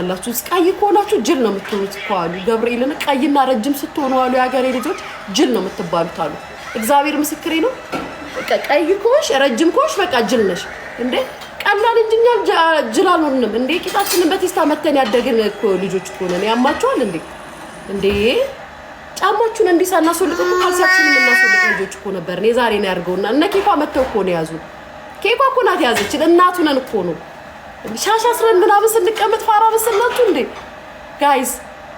አላችሁ ቀይ ከሆናችሁ ጅል ነው የምትሆኑት እኮ አሉ። ገብርኤልን ቀይና ረጅም ስትሆኑ አሉ የሀገሬ ልጆች ጅል ነው የምትባሉት አሉ። እግዚአብሔር ምስክሬ ነው። ቀይ ከሆንሽ ረጅም ከሆንሽ በቃ ጅል ነሽ እንዴ። ቀላል እንጂ እኛ ጅል አልሆንም እንዴ። ቂጣችንን በቴስታ መተን ያደግን ልጆች ሆነን ያማቸዋል እንዴ እንዴ። ጫማችሁን እንዲህ ሳናስወልቅ ካልሲያችንን የምናስወልቅ ልጆች እኮ ነበር። እኔ ዛሬ ነው ያድርገውና እነ ኬኳ መተው እኮ ነው የያዙን። ኬኳ እኮ ናት የያዘችን። እናቱ ነን እኮ ነው ሻሽ አስረን ምናምን ስንቀመጥ ፋራ መሰላችሁ እንዴ ጋይዝ?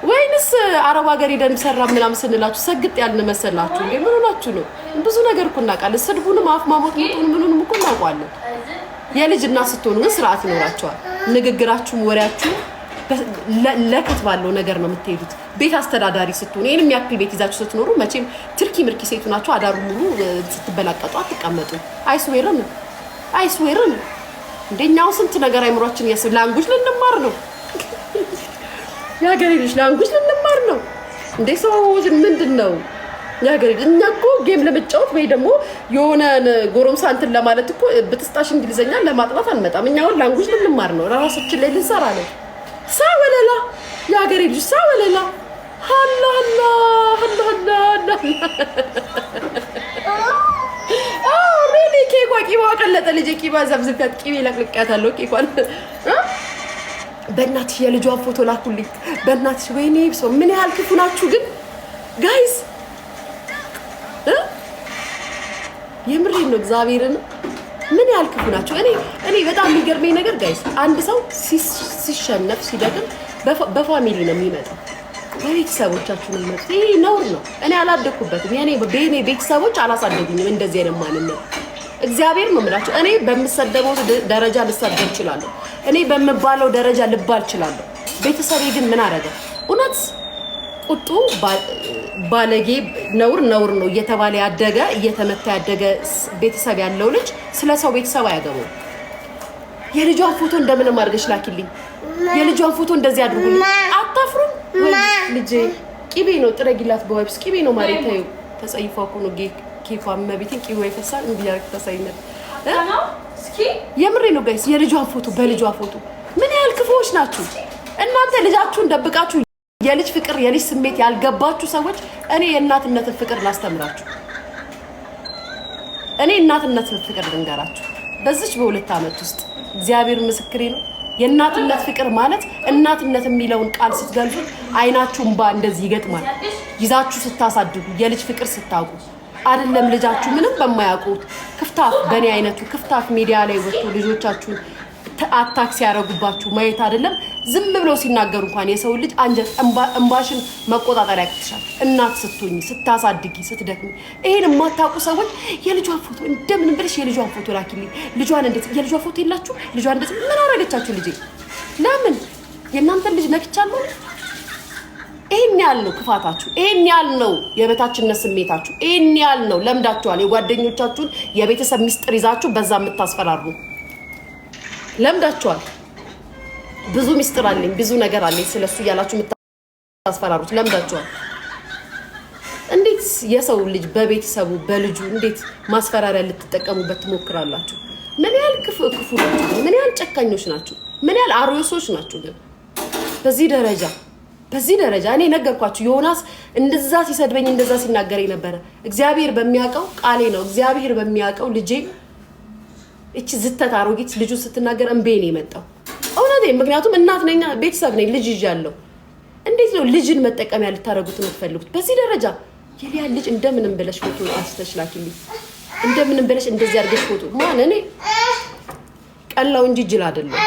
ወይንስ አረብ ሀገር ሄደን ሰራ ምናምን ስንላችሁ ሰግጥ ያልን መሰላችሁ እንዴ? ምን ሆናችሁ ነው? ብዙ ነገር እኮ እናውቃለን። ስድቡንም አፍ ማሞት ምጡን ምኑንም እኮ እናውቋለን። የልጅ ስትሆኑ ግን ስርዓት ይኖራቸዋል። ንግግራችሁም ወሬያችሁ ለከት ባለው ነገር ነው የምትሄዱት። ቤት አስተዳዳሪ ስትሆኑ ይህንም ያክል ቤት ይዛችሁ ስትኖሩ መቼም ትርኪ ምርኪ ሴቱ ናቸው። አዳሩ ሙሉ ስትበላቀጡ አትቀመጡ። አይስዌርን አይስዌርን እንደኛው ስንት ነገር አይምሯችን ያስብ። ላንጉጅ ልንማር ነው፣ የሀገሬ ልጅ ላንጉጅ ልንማር ነው። እንዴ? ሰው ምንድን ነው የሀገሬ ልጅ? እኛ እኮ ጌም ለመጫወት ወይ ደግሞ የሆነ ጎረምሳ እንትን ለማለት እኮ ብትስጣሽ እንግሊዝኛ ለማጥናት አንመጣም። እኛ አሁን ላንጉጅ ልንማር ነው፣ ራሳችን ላይ ልንሰራ ነው። ሳ ወለላ የሀገሬ ልጅ ሳ ወለላ ሀላ ሀላ ሀላ ሀላ እኔ ኬኳ ቂባ ቀለጠ። ልጄ ቂባ ዘብዝቢያት ቂቤ ለቅልቅያታለሁ። ኬኳን በእናትሽ የልጇን ፎቶ ላኩልኝ። በእናትሽ ወይኔ ሰው ምን ያህል ክፉ ናችሁ ግን ጋይስ የምሬን ነው እግዚአብሔርን ምን ያህል ክፉ ናቸው። እኔ እኔ በጣም የሚገርመኝ ነገር ጋይስ አንድ ሰው ሲሸነፍ ሲደግም በፋሚሊ ነው የሚመጣው። በቤተሰቦቻችሁ ነው የሚመጡት። ይሄ ነውር ነው። እኔ አላደግኩበትም። የኔ ቤተሰቦች አላሳደጉኝም እንደዚህ አይነት ማንነት እግዚአብሔር ነው የምላቸው። እኔ በምሰደበው ደረጃ ልሰደብ እችላለሁ። እኔ በምባለው ደረጃ ልባል እችላለሁ። ቤተሰቤ ግን ምን አደረገ? እውነት ቁጡ ባለጌ፣ ነውር ነውር ነው እየተባለ ያደገ እየተመታ ያደገ ቤተሰብ ያለው ልጅ ስለ ሰው ቤተሰብ አያገባውም። የልጇን ፎቶ እንደምንም አድርገሽ ላኪልኝ፣ የልጇን ፎቶ እንደዚህ አድርጉልኝ። አታፍሩም? ልጄ ቂቤ ነው ጥረጊላት፣ በወይብስ ቂቤ ነው ማሬታዩ ተጸይፏ እኮ ነው ኬኳን መቤቴን ቂ ይፈሳል። እንዲህ ያርግ ታሳይ የምሬ ነው ጋይስ፣ የልጇን ፎቶ በልጇ ፎቶ። ምን ያህል ክፉዎች ናችሁ እናንተ! ልጃችሁን ደብቃችሁ የልጅ ፍቅር የልጅ ስሜት ያልገባችሁ ሰዎች፣ እኔ የእናትነትን ፍቅር ላስተምራችሁ። እኔ እናትነትን ፍቅር ልንገራችሁ። በዚች በሁለት ዓመት ውስጥ እግዚአብሔር ምስክሬ ነው። የእናትነት ፍቅር ማለት እናትነት የሚለውን ቃል ስትገልጹ አይናችሁ እንባ እንደዚህ ይገጥማል። ይዛችሁ ስታሳድጉ የልጅ ፍቅር ስታውቁ አይደለም ልጃችሁ ምንም በማያውቁት ክፍታፍ በእኔ አይነቱ ክፍታፍ ሚዲያ ላይ ወጥቶ ልጆቻችሁ አታክ ሲያደርጉባችሁ ማየት አይደለም ዝም ብለው ሲናገሩ እንኳን የሰው ልጅ አንጀት እንባሽን መቆጣጠር ያቅትሻል። እናት ስትሆኝ ስታሳድጊ ስትደክሚ ይሄን የማታውቁ ሰዎች የልጇን ፎቶ እንደምን ብለሽ የልጇን ፎቶ ላኪልኝ፣ ልጇን እንዴት የልጇ ፎቶ የላችሁ ልጇን እንዴት ምን አረገቻችሁ ልጄ? ለምን የእናንተን ልጅ ነክቻለሁ? ይሄን ያህል ነው ክፋታችሁ፣ ይሄን ያህል ነው የበታችነት ስሜታችሁ፣ ይሄን ያህል ነው ለምዳችኋል። የጓደኞቻችሁን የቤተሰብ ሚስጥር ይዛችሁ በዛ የምታስፈራሩ ለምዳችኋል። ብዙ ሚስጥር አለኝ፣ ብዙ ነገር አለኝ ስለሱ እያላችሁ የምታስፈራሩት ለምዳችኋል። እንዴት የሰው ልጅ በቤተሰቡ በልጁ እንዴት ማስፈራሪያ ልትጠቀሙበት ትሞክራላችሁ? ምን ያህል ክፉ ናችሁ? ምን ያህል ጨካኞች ናችሁ? ምን ያህል አሮሶች ናችሁ? ግን በዚህ ደረጃ በዚህ ደረጃ እኔ ነገርኳችሁ። ዮናስ እንደዛ ሲሰድበኝ እንደዛ ሲናገረኝ ነበረ። እግዚአብሔር በሚያውቀው ቃሌ ነው። እግዚአብሔር በሚያውቀው ልጄ እቺ ዝተት አሮጊት ልጁ ስትናገር እምቤ ነው የመጣው። እውነት ምክንያቱም እናት ነኛ ቤተሰብ ነኝ፣ ልጅ ይዣለሁ። እንዴት ነው ልጅን መጠቀሚያ ልታደርጉት የምትፈልጉት? በዚህ ደረጃ የሊያ ልጅ እንደምንም ብለሽ ፎቶ አንስተሽ ላኪልኝ፣ እንደምንም ብለሽ እንደዚህ አድርገሽ ፎቶ ማን እኔ ቀላው እንጂ ጅል አይደለሁም።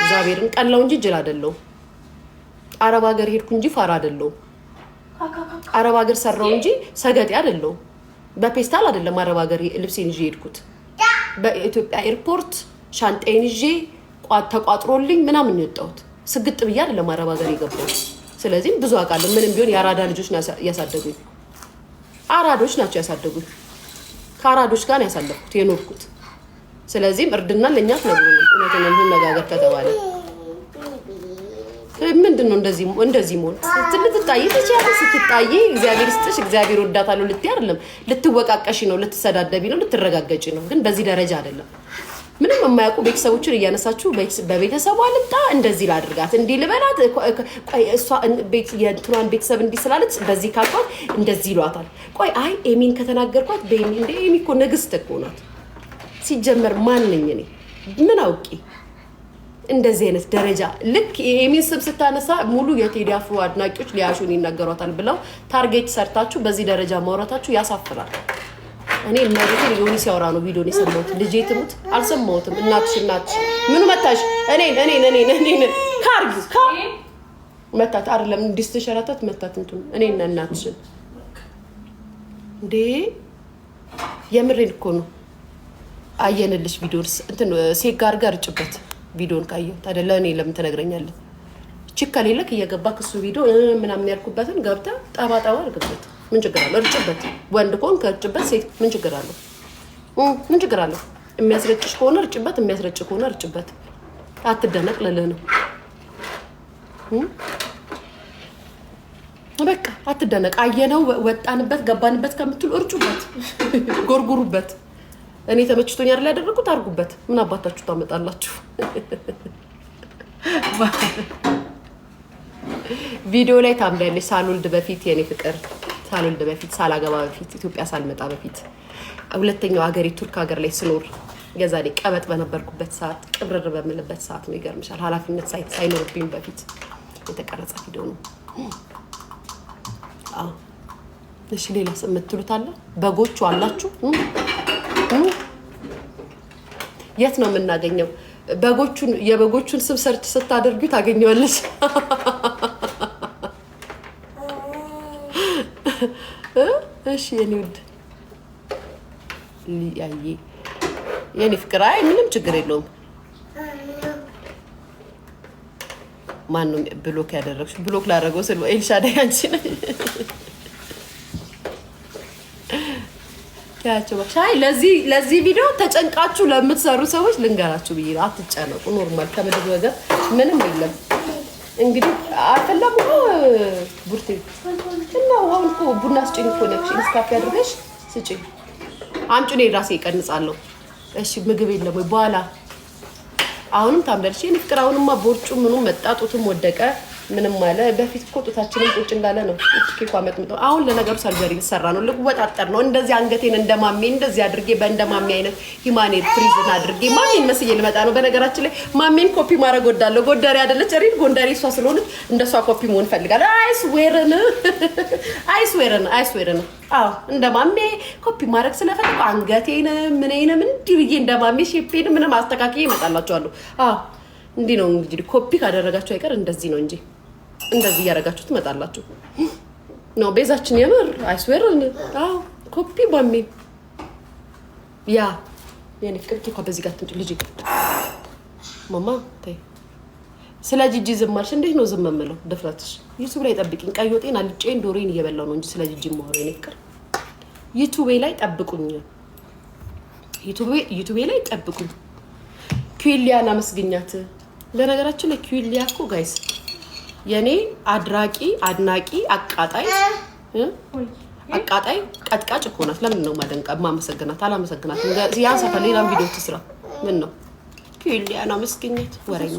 እግዚአብሔርን ቀላው እንጂ ጅል አይደለሁም። አረብ ሀገር ሄድኩ እንጂ ፋራ አይደለሁም። አረብ ሀገር ሰራው እንጂ ሰገጤ አይደለሁም። በፔስታል አይደለም አረብ ሀገር ልብሴን ይዤ ሄድኩት። በኢትዮጵያ ኤርፖርት ሻንጤን ይዤ ተቋጥሮልኝ ምናምን የወጣሁት ስግጥ ብዬ አይደለም አረብ ሀገር የገባሁት። ስለዚህም ብዙ አውቃለሁ። ምንም ቢሆን የአራዳ ልጆች ያሳደጉኝ አራዶች ናቸው ያሳደጉኝ። ከአራዶች ጋር ያሳለፍኩት የኖርኩት። ስለዚህም እርድና ለእኛ ነግሩ እውነትን ከተባለ ምንድን ነው እንደዚህ እንደዚህ መሆን ልትጣይ ትችያለሽ። ስትጣይ እግዚአብሔር ስጥሽ እግዚአብሔር ወዳታለሁ ልትይ አይደለም። ልትወቃቀሽ ነው፣ ልትሰዳደቢ ነው፣ ልትረጋገጭ ነው። ግን በዚህ ደረጃ አይደለም። ምንም የማያውቁ ቤተሰቦችን እያነሳችሁ በቤተሰቧ ልምጣ፣ እንደዚህ ላድርጋት፣ እንዲህ ልበላት፣ የእንትኗን ቤተሰብ እንዲህ ስላለች በዚህ ካልኳት እንደዚህ ይሏታል። ቆይ አይ ኤሚን ከተናገርኳት በኤሚ እንደ ኤሚ እኮ ንግስት እኮ ናት። ሲጀመር ማንኝ እኔ ምን አውቄ እንደዚህ አይነት ደረጃ ልክ የሚል ስም ስታነሳ ሙሉ የቴዲ አፍሮ አድናቂዎች ሊያሹን ይነገሯታል ብለው ታርጌት ሰርታችሁ በዚህ ደረጃ ማውራታችሁ ያሳፍራል። እኔ መሬቴን ዮኒ ሲያወራ ነው ቪዲዮን የሰማሁት። ልጄ ትሙት አልሰማሁትም። እናትሽ እናትሽ ምኑ መታሽ? እኔ እኔ እኔ እኔ ካርጊ ካ መታት አይደለም እንዲስተሸራታት መታት እንትን እኔና እናትሽን እንዴ! የምሬን እኮ ነው። አየንልሽ ቪዲዮን እንትን ሴት ጋር ጋር እርጭበት ቪዲዮን ካየው ታዲያ ለእኔ ለምን ትነግረኛለህ? ችክ ከሌለክ እየገባ ክሱ ቪዲዮ ምናምን ያልኩበትን ገብተ ጠባጠባ አድርግበት። ምን ችግር አለው? እርጭበት። ወንድ ከሆን ከእርጭበት። ሴት ምን ችግር አለው? ምን ችግር አለው? የሚያስረጭሽ ከሆነ እርጭበት፣ የሚያስረጭ ከሆነ እርጭበት። አትደነቅ ልልህ ነው። በቃ አትደነቅ። አየነው፣ ወጣንበት፣ ገባንበት ከምትሉ እርጩበት፣ ጎርጉሩበት። እኔ ተመችቶኝ አይደል ያደረኩት፣ አድርጉበት። ምን አባታችሁ ታመጣላችሁ? ቪዲዮ ላይ ታምዳለች። ሳልወልድ በፊት የኔ ፍቅር፣ ሳልወልድ በፊት ሳላገባ በፊት ኢትዮጵያ ሳልመጣ በፊት ሁለተኛው ሀገር ቱርክ ሀገር ላይ ስኖር የዛኔ ቀበጥ በነበርኩበት ሰዓት፣ ቅብርር በምልበት ሰዓት ነው። ይገርምሻል። ኃላፊነት ሳይኖርብኝ በፊት የተቀረጸ ቪዲዮ ነው። እሺ ሌላ የምትሉት አለ? በጎቹ አላችሁ? የት ነው የምናገኘው? በጎቹን የበጎቹን ስም ሰርች ስታደርጊው ታገኘዋለች። እሺ የኔ ውድ ልያዬ የኔ ፍቅር፣ አይ ምንም ችግር የለውም። ማን ብሎክ ያደረግሽ? ብሎክ ላደረገው ስል ኤልሻዳይ አንቺ ነሽ። ያቸው ሻይ ለዚህ ለዚህ ቪዲዮ ተጨንቃችሁ ለምትሰሩ ሰዎች ልንገራችሁ ብዬ አትጨነቁ። ኖርማል ከምድር ነገር ምንም የለም። እንግዲህ አፈላም ቡርቴ እና ውሃውን እኮ ቡና ስጭኝ እኮ ነሽ ስካፍ ያድርገሽ ስጭኝ አምጪ፣ እኔ ራሴ ይቀንጻለሁ። እሺ ምግብ የለም ወይ በኋላ አሁንም ታምለልሽ። እኔ ፍቅር አሁንማ ቦርጩ ምኑም መጣጡትም ወደቀ። ምንም አለ። በፊት እኮ ጡታችንን ቁጭ እንዳለ ነው ኬኳ መጥምጠ። አሁን ለነገሩ ሰርጀሪ ልሰራ ነው፣ ልወጣጠር ነው። እንደዚህ አንገቴን እንደማሜ እንደዚህ አድርጌ በእንደማሜ አይነት ሂማኔት ፍሪዝን አድርጌ ማሜን መስዬ ልመጣ ነው። በነገራችን ላይ ማሜን ኮፒ ማድረግ ወዳለሁ። ጎንደሬ አደለች ሪል ጎንደሬ እሷ ስለሆነች እንደሷ ኮፒ መሆን ፈልጋለሁ። አይስዌርን አይስዌርን አይስዌርን አዎ እንደ ማሜ ኮፒ ማድረግ ስለፈለኩ አንገቴንም ምኔንም እንዲህ ብዬ እንደ ማሜ ሼፔን ምንም አስተካክዬ ይመጣላቸዋለሁ። አዎ እንዲህ ነው እንግዲህ ኮፒ ካደረጋቸው አይቀር እንደዚህ ነው እንጂ እንደዚህ እያደረጋችሁ ትመጣላችሁ ነው። ቤዛችን የምር አይስዌር አዎ ኮፒ ባሚ ያ የኔ ፍቅር ኬኳ በዚህ ጋር ትንጭ ልጅ ማማ ተይ። ስለ ጂጂ ዝም አልሽ? እንዴት ነው ዝም የምለው? ድፍረትሽ! ዩቱብ ላይ ጠብቂኝ። ቀይ ወጤን አልጬን ዶሬን እየበላው ነው እንጂ ስለ ጂጂ መሆኑ የኔ ፍቅር ዩቱቤ ላይ ጠብቁኝ። ዩቱቤ ላይ ጠብቁኝ። ኩዊሊያን አመስግኛት። ለነገራችን ላይ እኮ ጋይስ የኔ አድራቂ አድናቂ አቃጣይ አቃጣይ ቀጥቃጭ እኮ ናት። ለምን ነው ማደንቀ ማመሰግናት አላመሰግናት? ያን ሰፈር ሌላም ቪዲዮ ትስራ። ምን ነው ኪሊያና መስገኘት ወረኛ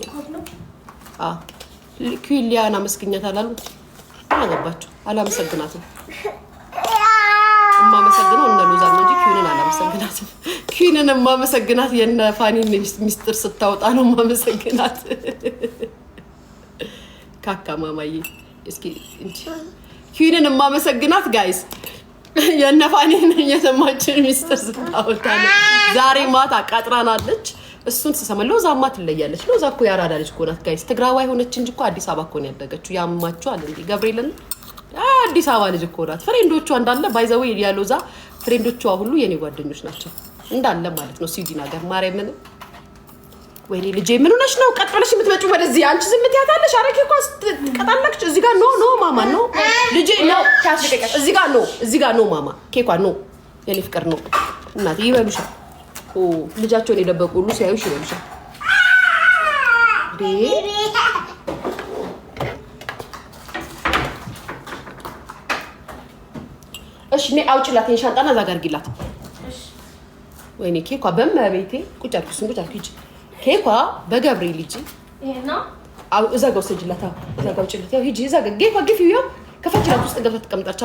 ኪሊያና መስገኘት አላሉ አገባቸው። አላመሰግናትም። የማመሰግነው እነ ሎዛ ነው እንጂ ኪዩንን አላመሰግናትም። ኪዩንን የማመሰግናት የነ ፋኒን ሚስጥር ስታወጣ ነው የማመሰግናት። ካካ ማማዬ እስኪ ኪንን የማመሰግናት ጋይስ የነፋኔን የሰማችን ሚስጥር ስታወጣ ዛሬ ማታ ቃጥራናለች። እሱን ስሰማ ሎዛማ ትለያለች። ሎዛ እኮ ያራዳ ልጅ እኮ ናት ጋይስ። ትግራዋይ ሆነች እንጂ እኮ አዲስ አበባ እኮ ነው ያደገችው። ያማችኋል እንዴ ገብርኤልን አዲስ አበባ ልጅ እኮ ናት። ፍሬንዶቿ እንዳለ ባይዘዌ ያሎዛ ፍሬንዶቿ ሁሉ የኔ ጓደኞች ናቸው እንዳለ ማለት ነው። ስዊድን ሀገር ማርያምን ወይኔ ልጄ ምን ሆነሽ ነው? ቀጥ ብለሽ የምትመጪው ወደዚህ? አንቺ ዝም ትያታለሽ። አረኪ እኮ ትቀጣላችሁ። እዚህ ጋር ኖ ኖ ማማ ኖ ልጄ ነው። እዚህ ጋር ኖ፣ እዚህ ጋር ኖ ማማ። ኬኳ ኖ፣ የኔ ፍቅር ኖ። እናት ይበሉሻል። ልጃቸውን የደበቁ ሁሉ ሲያዩሽ ይበሉሻል። እሺ እኔ አውጭላት ሻንጣና እዛ ጋር አድርጊላት። ወይኔ ኬኳ በመቤቴ ቁጭ አልኩ፣ እሱን ቁጭ አልኩ። ኬኳ በገብርኤል ልጅ እዛ ጋ ውሰጅላት። እዛ ጋ ውጭላት። ሂጂ እዛ ጋ ኬኳ ግፊ። ያው ከፈችላት ውስጥ ገብታ ተቀምጣች።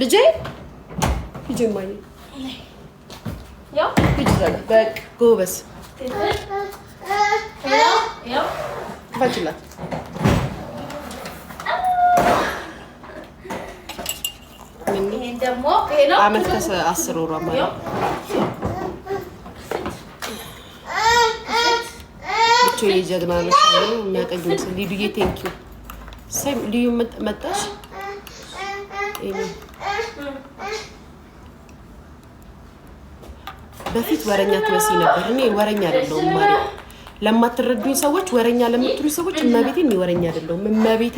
ልጄ ሂጂ ማየ ሂጂ እዛ ጋ በቃ ጎበስ ከፈችላት። አመት ከአስር ወሯ ማለት ናቸው የጀግና መሻ የሚያቀኝ ምስል ሊዱዬ ቴንኪ ልዩ መጣሽ። በፊት ወረኛ ትመስይ ነበር። እኔ ወረኛ አይደለሁም ማለት ለማትረዱኝ ሰዎች፣ ወረኛ ለምትሉ ሰዎች እመቤቴ እኔ ወረኛ አይደለሁም። እመቤቴ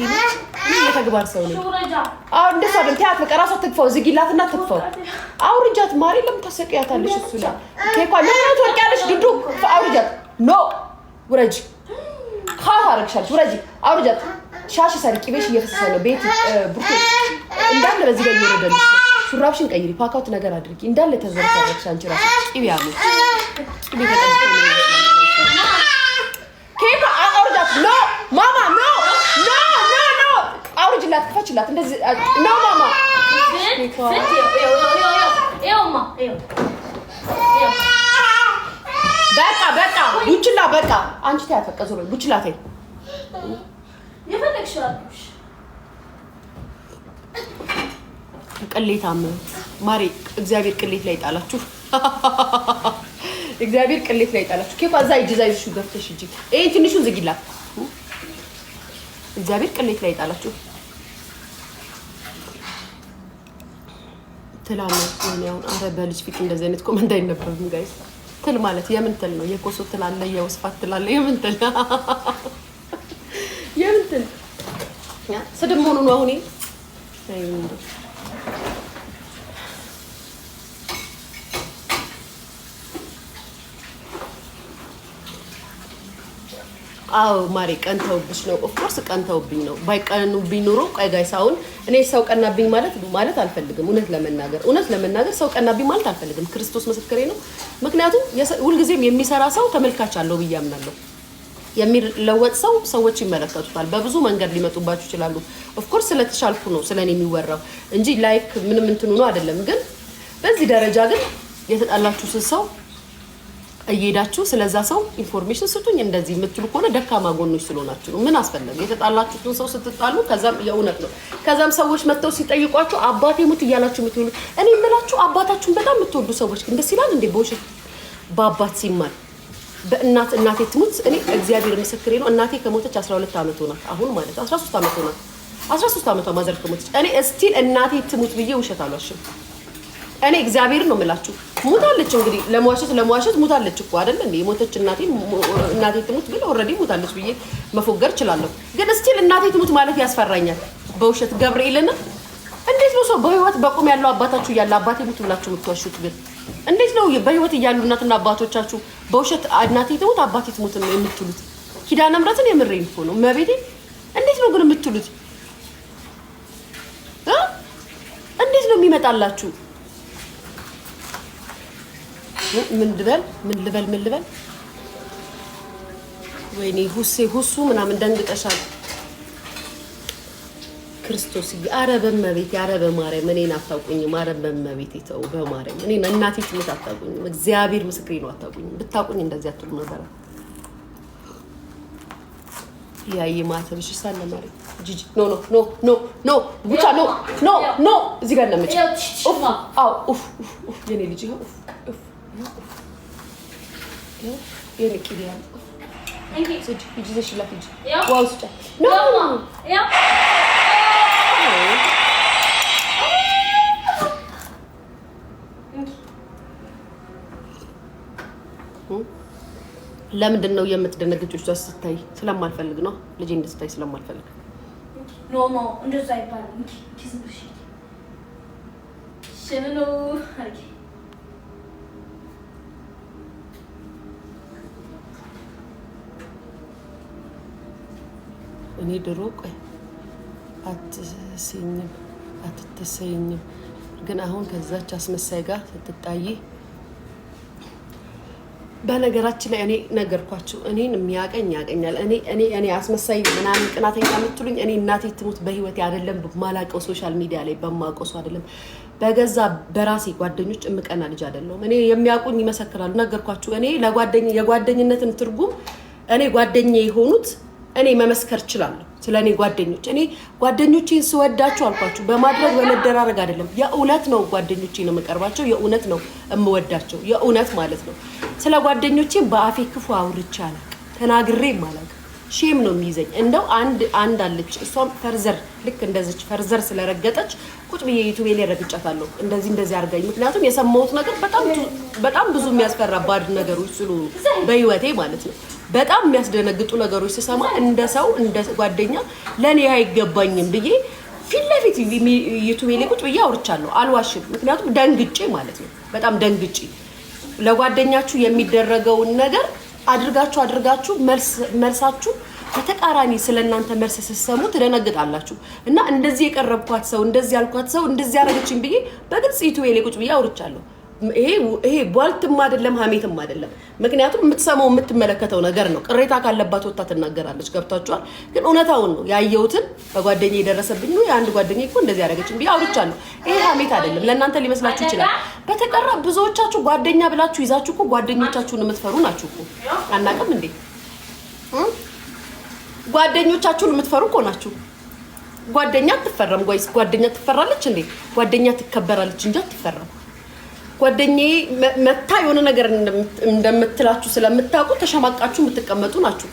የተግባር ሰው ነኝ። አሁን እንደሱ አይደል? ተያት በቃ ራሷ ትግፋው፣ ዝጊላትና ትግፋው። አውርጃት ማሪ፣ ለምታሰቅያታለሽ እሱ ላይ ኬኳ ለምን ትወርቂያለሽ? ድዱ አውርጃት ኖ ውረጅ ካፍ አረግሻለች። ውረጅ አውርጃት። ሻሽ ሰርቂ ቅቤሽ እየፈሰሰለው ቤት ብርቱ እንዳለ በዚህ ጋር እየወረደልሽ ሹራብሽን ቀይሪ፣ ፓካውት ነገር አድርጊ እንዳለ ተዘረፈረግሽ። አንቺ ራሱ ቅቤ ያለ ቅቤ ተጠ እንደዚህ ኖ ማማ በቃ አንቺ ታ ያፈቀ ዞሮ ቡችላት የፈለግሽ ቅሌታም ማሬ፣ እግዚአብሔር ቅሌት ላይ ጣላችሁ። እግዚአብሔር ቅሌት ላይ ጣላችሁ። ኬፋ እዛ እጅ እዛ ይዙ ገፍተሽ እጅ ይህን ትንሹን ዝጊላት። እግዚአብሔር ቅሌት ላይ ጣላችሁ። ትላም አሁን አረ በልጅ ፊት እንደዚህ አይነት ኮመንት አይነበብም ጋይስ። ትል ማለት የምን ትል ነው? የኮሶ ትል አለ፣ የወስፋት ትል አለ። የምን ትል የምን ትል ስድብ መሆኑ ነው አሁን አዎ ማሬ ቀንተውብሽ ነው። ኦፍኮርስ ቀንተውብኝ ነው። ባይቀኑብኝ ኑሮ ቆይ ጋይስ፣ አሁን እኔ ሰው ቀናብኝ ማለት ማለት አልፈልግም። እውነት ለመናገር እውነት ለመናገር ሰው ቀናብኝ ማለት አልፈልግም። ክርስቶስ ምስክሬ ነው። ምክንያቱም ሁልጊዜም የሚሰራ ሰው ተመልካች አለው ብዬ አምናለሁ። የሚለወጥ ሰው ሰዎች ይመለከቱታል። በብዙ መንገድ ሊመጡባችሁ ይችላሉ። ኦፍኮርስ ስለተሻልኩ ነው ስለኔ የሚወራው እንጂ ላይክ ምንም እንትኑ ነው አይደለም። ግን በዚህ ደረጃ ግን የተጣላችሁ ሰው እየሄዳችሁ ስለዛ ሰው ኢንፎርሜሽን ስጡኝ እንደዚህ የምትሉ ከሆነ ደካማ ጎኖች ስለሆናችሁ ነው። ምን አስፈለገ? የተጣላችሁትን ሰው ስትጣሉ ከዛም የእውነት ነው። ከዛም ሰዎች መጥተው ሲጠይቋችሁ አባቴ ሙት እያላችሁ የምትሉ እኔ የምላችሁ አባታችሁን በጣም የምትወዱ ሰዎች ግን ደስ ይላል እንዴ? በውሸት በአባት ሲማል በእናት እናቴ ትሙት። እኔ እግዚአብሔር ምስክሬ ነው። እናቴ ከሞተች 12 ዓመት ሆናት። አሁን ማለት 13 ዓመት ሆናት። 13 ዓመቷ ማዘር ከሞተች እኔ እስቲል እናቴ ትሙት ብዬ ውሸት አሏሽም እኔ እግዚአብሔርን ነው የምላችሁ። ሙታለች እንግዲህ ለመዋሸት ለመዋሸት ሙታለች እኮ አይደለ እንዴ? የሞተች እናቴ እናቴ ትሙት ግን ኦልሬዲ ሙታለች ብዬ መፎገር እችላለሁ። ግን እስቲል እናቴ ትሙት ማለት ያስፈራኛል። በውሸት ገብርኤልን እንዴት ነው ሰው በህይወት በቁም ያለው አባታችሁ እያለ አባቴ ሙት ብላችሁ የምትዋሹት? ግን እንዴት ነው በህይወት እያሉ እናትና አባቶቻችሁ በውሸት እናቴ ትሙት አባቴ ትሙት ነው የምትሉት? ኪዳነ ምሕረትን የምሬን እኮ ነው መቤቴ። እንዴት ነው ግን የምትሉት? እንዴት ነው የሚመጣላችሁ? ምን ልበል ምን ልበል ምን ልበል? ወይኔ ሁሴ ሁሱ ምናምን ደንግጠሻል። ክርስቶስ አረ በመቤቴ አረ በማርያም እኔን አታውቁኝም። አረ በመቤቴ ይተው በማርያም እኔን እናቴ ትሙት አታውቁኝም። እግዚአብሔር ምስክሬ ነው አታውቁኝም። ብታውቁኝ እንደዚህ አትሉ ነበረ። ያየ ማተብሽ ሳለ ማርያም ጂጂ ኖ ኖ ኖ ኖ ኖ ብቻ ኖ ኖ ኖ እዚህ ጋር ለምጭ ኡፍ አው ኡፍ ኡፍ የኔ ልጅ ኡፍ ኡፍ ለምንድን ነው የምትደነግጭው? እሷ ስታይ ስለማልፈልግ ነው። ልጄ እንድስታይ ስለማልፈልግ እንደዛ አይባልም። እኔ ድሮ ቆይ አትሰኝም አትተሰኝም፣ ግን አሁን ከዛች አስመሳይ ጋር ስትጣይ በነገራችን ላይ እኔ ነገርኳቸው። እኔን የሚያቀኝ ያቀኛል። እኔ እኔ እኔ አስመሳይ ምናምን ቅናተኛ የምትሉኝ እኔ እናቴ ትሙት በህይወቴ አይደለም በማላውቀው ሶሻል ሚዲያ ላይ በማቀሱ አይደለም በገዛ በራሴ ጓደኞች እምቀና ልጅ አይደለሁም። እኔ የሚያውቁኝ ይመሰክራሉ። ነገርኳችሁ፣ እኔ ለጓደኝ የጓደኝነትን ትርጉም እኔ ጓደኛ የሆኑት እኔ መመስከር እችላለሁ ስለ እኔ ጓደኞች። እኔ ጓደኞቼን ስወዳችሁ አልኳችሁ በማድረግ በመደራረግ አይደለም። የእውነት ነው ጓደኞቼ ነው የምቀርባቸው፣ የእውነት ነው የምወዳቸው፣ የእውነት ማለት ነው። ስለ ጓደኞቼ በአፌ ክፉ አውርቼ አላውቅም፣ ተናግሬም አላውቅም። ሼም ነው የሚይዘኝ። እንደው አንድ አንድ አለች እሷም ፈርዘር ልክ እንደዚች ፈርዘር ስለረገጠች ቁጭ ብዬ ዩቱቤ ላይ ረግጫታለሁ። እንደዚህ እንደዚህ አድርጋኝ። ምክንያቱም የሰማሁት ነገር በጣም ብዙ የሚያስፈራ ባድ ነገሮች ስሉ በህይወቴ ማለት ነው በጣም የሚያስደነግጡ ነገሮች ስሰማ እንደ ሰው እንደ ጓደኛ ለእኔ አይገባኝም ብዬ ፊት ለፊት ዩቱቤ ላይ ቁጭ ብዬ አውርቻለሁ። አልዋሽም። ምክንያቱም ደንግጬ ማለት ነው በጣም ደንግጬ ለጓደኛችሁ የሚደረገውን ነገር አድርጋችሁ አድርጋችሁ መልሳችሁ በተቃራኒ ስለ እናንተ መልስ ስትሰሙ ትደነግጣላችሁ። እና እንደዚህ የቀረብኳት ሰው እንደዚህ ያልኳት ሰው እንደዚህ ያደረገችን ብዬ በግልጽ ዩቱቤ ላይ ቁጭ ብዬ አውርቻለሁ። ይሄ ቧልትም አይደለም ሀሜትም አይደለም። ምክንያቱም የምትሰማው የምትመለከተው ነገር ነው። ቅሬታ ካለባት ወጣት ትናገራለች። ገብታችኋል? ግን እውነታውን ነው ያየሁትን በጓደኛ የደረሰብኝ ነው። የአንድ ጓደኛ እኮ እንደዚህ ያደረገች ብዬ አውርቻለሁ። ይሄ ሀሜት አይደለም። ለእናንተ ሊመስላችሁ ይችላል። በተቀራ ብዙዎቻችሁ ጓደኛ ብላችሁ ይዛችሁ እኮ ጓደኞቻችሁን የምትፈሩ ናችሁ እኮ አናውቅም እንዴ? ጓደኞቻችሁን የምትፈሩ እኮ ናችሁ። ጓደኛ አትፈራም። ጓደኛ ትፈራለች እንዴ? ጓደኛ ትከበራለች እንጂ አትፈራም። ጓደኛዬ መታ የሆነ ነገር እንደምትላችሁ ስለምታውቁ ተሸማቃችሁ የምትቀመጡ ናችሁ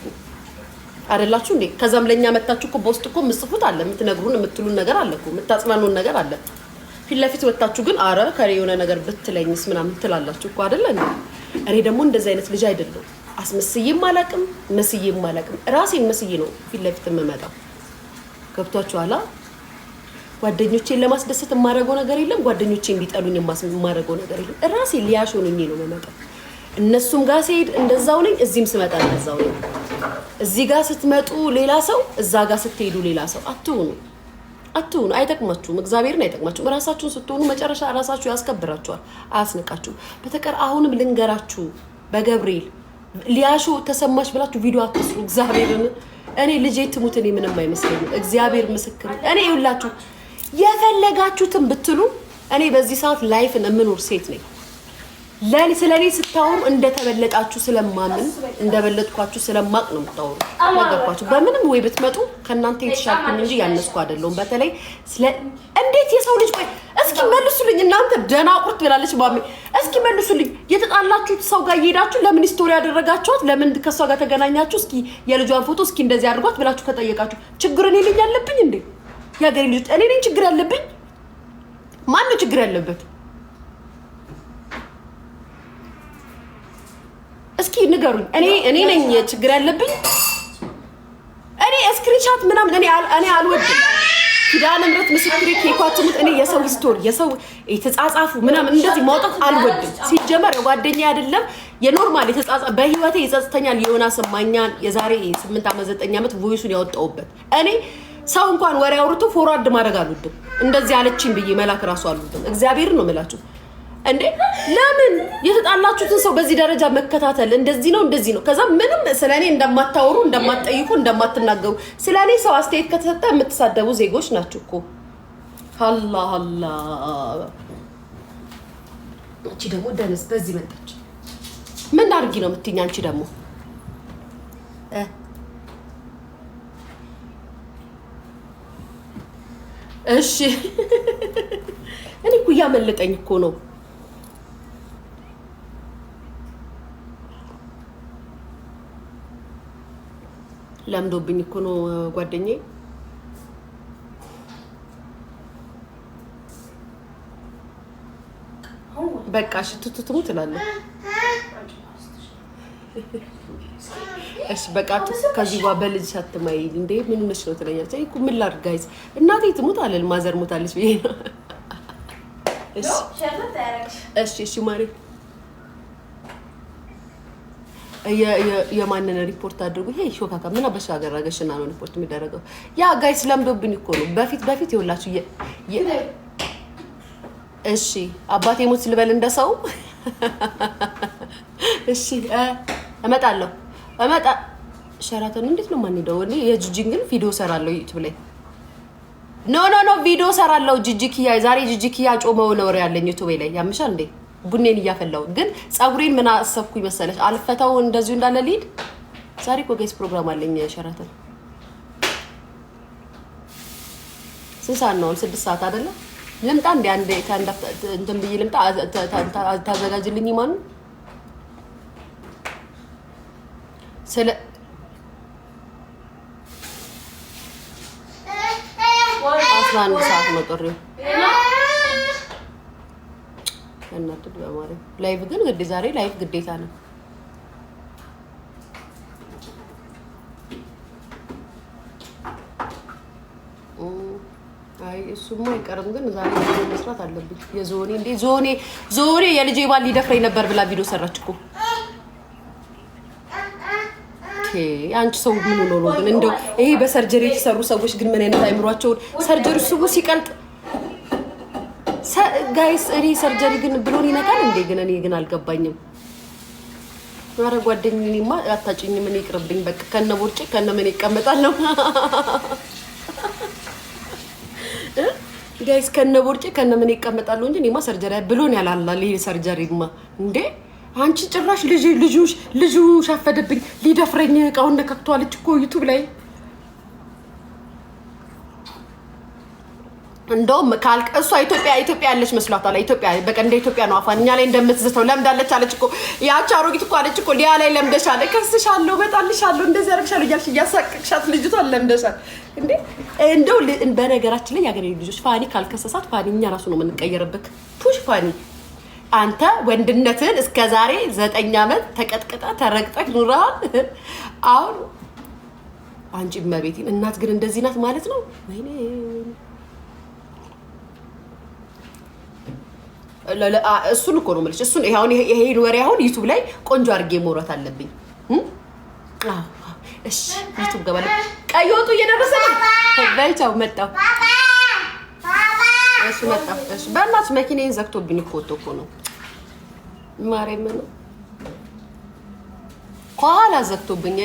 አይደላችሁ እንዴ? ከዛም ለእኛ መታችሁ እኮ በውስጥ እኮ የምጽፉት አለ፣ የምትነግሩን የምትሉን ነገር አለ እኮ የምታጽናኑን ነገር አለ። ፊት ለፊት ወታችሁ ግን አረ ከሬ የሆነ ነገር ብትለኝስ ምናምን ትላላችሁ እኮ አደለ? እኔ ደግሞ እንደዚህ አይነት ልጅ አይደለም። አስመስዬም አላቅም፣ መስዬም አላቅም። ራሴን መስዬ ነው ፊት ለፊት የምመጣው። ገብቷችኋላ? ጓደኞቼን ለማስደሰት የማደርገው ነገር የለም። ጓደኞቼ እንዲጠሉኝ የማደርገው ነገር የለም። እራሴ ሊያሾ ነኝ ነው መመጣ እነሱም ጋር ስሄድ እንደዛው ነኝ፣ እዚህም ስመጣ እንደዛው ነኝ። እዚህ ጋር ስትመጡ ሌላ ሰው፣ እዛ ጋር ስትሄዱ ሌላ ሰው። አትሁኑ፣ አትሁኑ። አይጠቅማችሁም፣ እግዚአብሔርን አይጠቅማችሁም። ራሳችሁን ስትሆኑ መጨረሻ ራሳችሁ ያስከብራችኋል፣ አያስንቃችሁም። በተቀር አሁንም ልንገራችሁ በገብርኤል ሊያሾ ተሰማሽ ብላችሁ ቪዲዮ አትስሩ። እግዚአብሔርን እኔ ልጄ ትሙት እኔ ምንም አይመስለኝም። እግዚአብሔር ምስክር እኔ ይውላችሁ የፈለጋችሁትን ብትሉ እኔ በዚህ ሰዓት ላይፍን የምኖር ሴት ነኝ። ለእኔ ስለ እኔ ስታወሩ እንደተበለጣችሁ ስለማምን እንደበለጥኳችሁ ስለማቅ ነው የምታወሩ። ነገርኳችሁ። በምንም ወይ ብትመጡ ከእናንተ የተሻልኩኝ እንጂ ያነስኩ አይደለሁም። በተለይ እንዴት የሰው ልጅ ወይ እስኪ መልሱልኝ እናንተ ደናቁርት ብላለች ማሜ። እስኪ መልሱልኝ፣ የተጣላችሁት ሰው ጋር እየሄዳችሁ ለምን ስቶሪ ያደረጋችኋት? ለምን ከእሷ ጋር ተገናኛችሁ? እስኪ የልጇን ፎቶ እስኪ እንደዚህ አድርጓት ብላችሁ ከጠየቃችሁ ችግርን ይልኝ ያለብኝ እንዴ? የሀገሬ ልጆች፣ እኔ ነኝ ችግር ያለብኝ? ማን ነው ችግር ያለበት? እስኪ ንገሩኝ። እኔ እኔ ነኝ ችግር ያለብኝ? እኔ እስክሪንሻት ምናምን እኔ እኔ አልወድም። ኪዳነ ምሕረት ምስክሬ ኬኳችሁት። እኔ የሰው ስቶሪ የሰው የተጻጻፉ ምናምን እንደዚህ ማውጣት አልወድም። ሲጀመር የጓደኛ አይደለም የኖርማል የተጻጻ በህይወቴ ይጸጽተኛል። የሆነ ሰማኛን የዛሬ 8 ዓመት 9 ዓመት ቮይሱን ያወጣውበት እኔ ሰው እንኳን ወሬ አውርቶ ፎርዋርድ ማድረግ አልወድም። እንደዚህ አለችኝ ብዬ መላክ ራሱ አልወድም። እግዚአብሔር ነው ምላችሁ እንዴ ለምን የተጣላችሁትን ሰው በዚህ ደረጃ መከታተል? እንደዚህ ነው እንደዚህ ነው። ከዛ ምንም ስለ እኔ እንደማታወሩ እንደማትጠይቁ፣ እንደማትናገሩ ስለ እኔ ሰው አስተያየት ከተሰጠ የምትሳደቡ ዜጎች ናችሁ እኮ አላ አላ እቺ ደግሞ ደንስ በዚህ መጣች። ምን አድርጊ ነው የምትይኝ አንቺ ደግሞ እሺ እኔ እኮ እያመለጠኝ እኮ ነው። ለምዶብኝ እኮ ነው ጓደኛዬ። በቃ ሽትቱ ትሙት ትላለህ። እሺ በቃ ከዚህ ጋር በልጅ አትማይል እንዴ ምን መስሎ ትለኛለች። አይ እኮ ምን ላድርግ ጋይስ፣ እናቴ ትሙት አለል ማዘር ሞታለች ብዬ ነው። እሺ እሺ እሺ ማሪ የማንን ሪፖርት አድርጉ። ይሄ ሾካካ ምን አበሻ አገራገሽና ነው ሪፖርት የሚደረገው? ያ ጋይስ ለምዶብን እኮ ነው። በፊት በፊት ይኸውላችሁ እሺ አባቴ ሞት ልበል እንደሰው። እሺ እመጣለሁ እመጣ ሸራተን እንዴት ነው የማንሄደው? እኔ የጅጅን ግን ቪዲዮ ሰራለሁ ዩቱብ ላይ። ኖ ኖ ኖ ቪዲዮ ሰራለሁ። ጂጂ ኪያ ዛሬ ጂጂ ኪያ ጮመው ነው ያለኝ ዩቱብ ላይ ያምሻል እንዴ? ቡኔን እያፈላው ግን ፀጉሬን ምን አሰብኩኝ መሰለሽ? አልፈታው እንደዚሁ እንዳለ ሊድ ዛሬ ኮጌስ ፕሮግራም አለኝ ሸራተን። ስንት ሰዓት ነው? ስድስት ሰዓት አይደለም? ልምጣ እንዴ? አንዴ ከአንድ እንትን ብዬ ልምጣ። ታዘጋጅልኝ ነው ስለ አስራ አንድ ሰዓት ነው ጥሪው። እናት በማርያም ላይቭ ግን ግዴ ዛሬ ላይቭ ግዴታ ነው። አይ እሱማ አይቀርም፣ ግን ዛሬ መስራት አለብኝ። የዞኔ እንዴ ዞኔ ዞኔ የልጄ ባል ሊደፍረኝ ነበር ብላ ቪዲዮ ሰራች እኮ አንቺ ሰው ምን ሆኖ ነው ግን? እንደው ይሄ በሰርጀሪ የተሰሩ ሰዎች ግን ምን አይነት አይምሯቸውን ሰርጀሪ ስቡ ሲቀልጥ ጋይስ፣ እኔ ሰርጀሪ ግን ብሎን ይነካል እንዴ? ግን እኔ ግን አልገባኝም። ኧረ ጓደኛዬማ አታጭኝ፣ ምን ይቅርብኝ። በቃ ከነ ቦርጬ ከነ ምን ይቀመጣለሁ ጋይስ፣ ከነ ቦርጬ ከነ ምን ይቀመጣለሁ እንጂ እኔማ ሰርጀሪ ብሎን ያላላል። ይሄ ሰርጀሪማ እንዴ አንቺ ጭራሽ ልጅ ልጁ ሻፈደብኝ ሊደፍረኝ እቃውን ነካክተዋለች እኮ ዩቱብ ላይ እንደውም ካልክ እሷ ኢትዮጵያ ኢትዮጵያ ያለች መስሏታል። ኢትዮጵያ በቃ እንደ ኢትዮጵያ ነው አፏን እኛ ላይ እንደምትዝተው ለምዳለች አለች እኮ ያቺ አሮጊት እኮ አለች እኮ ሊያ ላይ ለምደሻል፣ እከስሻለሁ፣ በጣልሻለሁ፣ እንደዚህ ያረግሻለሁ እያልሽ እያሳቅቅሻት ልጅቷን ለምደሻል እንዴ። እንደው በነገራችን ላይ ያገሬ ልጆች ፋኒ ካልከሰሳት ፋኒ እኛ ራሱ ነው የምንቀየርበት። ፑሽ ፋኒ አንተ ወንድነትን እስከ ዛሬ ዘጠኝ ዓመት ተቀጥቅጠ ተረግጠህ ኑረሃል። አሁን አንቺ እመቤቴን እናት ግን እንደዚህ ናት ማለት ነው። እሱን እኮ ነው የምልሽ። እሱን አሁን ይሄን ወሬ አሁን ዩቱብ ላይ ቆንጆ አድርጌ መውረት አለብኝ። እሺ ዩቱብ ገባለ። ቀይ ወጡ እየደረሰ ነው። በልቻው መጣው እሱ መጣ። እሺ በእናትሽ መኪናዬን ዘግቶብኝ እኮ ወጥቶ እኮ ነው ማርያም ከኋላ ዘግቶብኝ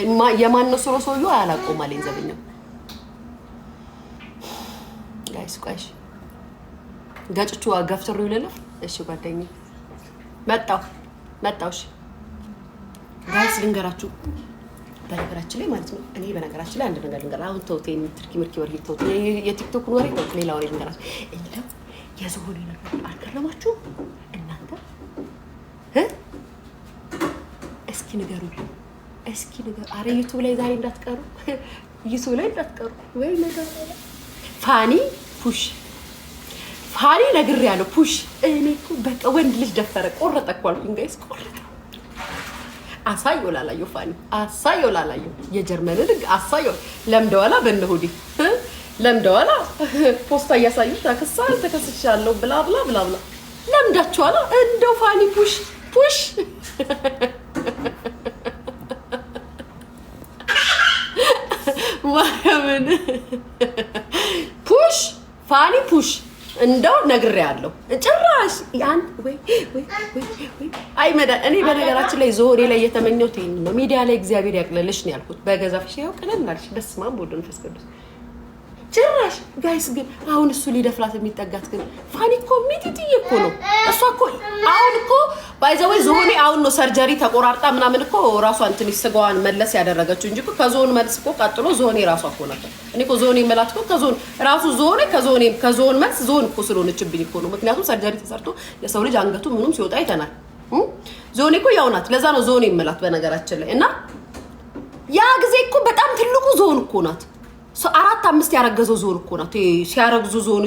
የማን ነው ስሮ ሰውዬ አላውቀውም አለኝ ዘበኛው። ጋይስ ቆይ ገጭቹ ገፍትሩ ይለለፍ። እሺ ጓደኛዬ መጣሁ መጣሁ። እሺ ጋይስ ልንገራችሁ፣ በነገራችን ላይ ማለት ነው እኔ በነገራችን ላይ አንድ ነገር ልንገራ። አሁን ተውት ትርኪ ምርኪ ወሬ ተውት፣ የቲክቶክን ወሬ ተውት፣ ሌላ ወሬ ልንገራችሁ። እንደው የዝሆን ነገር አልገረማችሁ? እስኪ ንገሩ፣ እስኪ ንገሩ። አረ ዩቱብ ላይ ዛሬ እንዳትቀሩ፣ ዩቱብ ላይ እንዳትቀሩ። ወይ ነገር ፋኒ ፑሽ ፋኒ ነግር ያለው ፑሽ። እኔ እኮ በቃ ወንድ ልጅ ደፈረ ቆረጠ እኮ አልኩኝ። ጋይስ ቆረጠ። አሳየው ላላየው ፋኒ አሳየው ላላየው የጀርመንን ህግ አሳየው። ለምደዋላ በነሁዲ ለምደዋላ ፖስታ እያሳዩ ተከሳ ተከስቻለሁ ብላ ብላ ብላ ብላ ለምዳችኋላ። እንደው ፋኒ ፑሽ ፑሽ ማርያምን ፑሽ ፋኒ ፑሽ እንደው ነግሬያለሁ። ጭራሽ ያን ወይ ወይ ወይ አይ መዳ እኔ በነገራችን ላይ ዞሬ ላይ የተመኘሁት ይሄን ነው። ሚዲያ ላይ እግዚአብሔር ያቅልልሽ ነው ያልኩት። በገዛፍሽ ያው ቀለል አለሽ። ደስ ማን ቦደን ፈስቀዱስ ጭራሽ ጋይስ ግን አሁን እሱ ሊደፍራት የሚጠጋት ግን ፋኒ እኮ ሚጢጥዬ እኮ ነው። እሷ እኮ አሁን እኮ ባይዘወይ ዝሆኔ አሁን ነው ሰርጀሪ ተቆራርጣ ምናምን እኮ ራሷን ትንሽ ስጋዋን መለስ ያደረገችው እንጂ ከዞን መልስ እኮ ቀጥሎ ዞኔ ራሷ እኮ ነበር። እኔ እኮ ዞኔ መላት እኮ ከዞን ራሱ ዞኔ ከዞኔ ከዞን መልስ ዞን እኮ ስለሆነችብኝ እኮ ነው። ምክንያቱም ሰርጀሪ ተሰርቶ የሰው ልጅ አንገቱ ምኑም ሲወጣ አይተናል። ዞኔ እኮ ያው ናት። ለዛ ነው ዞኔ መላት በነገራችን ላይ እና ያ ጊዜ እኮ በጣም ትልቁ ዞን እኮ ናት። አራት አምስት ያረገዘው ዞን እኮ ናት ሲያረግዙ ዞን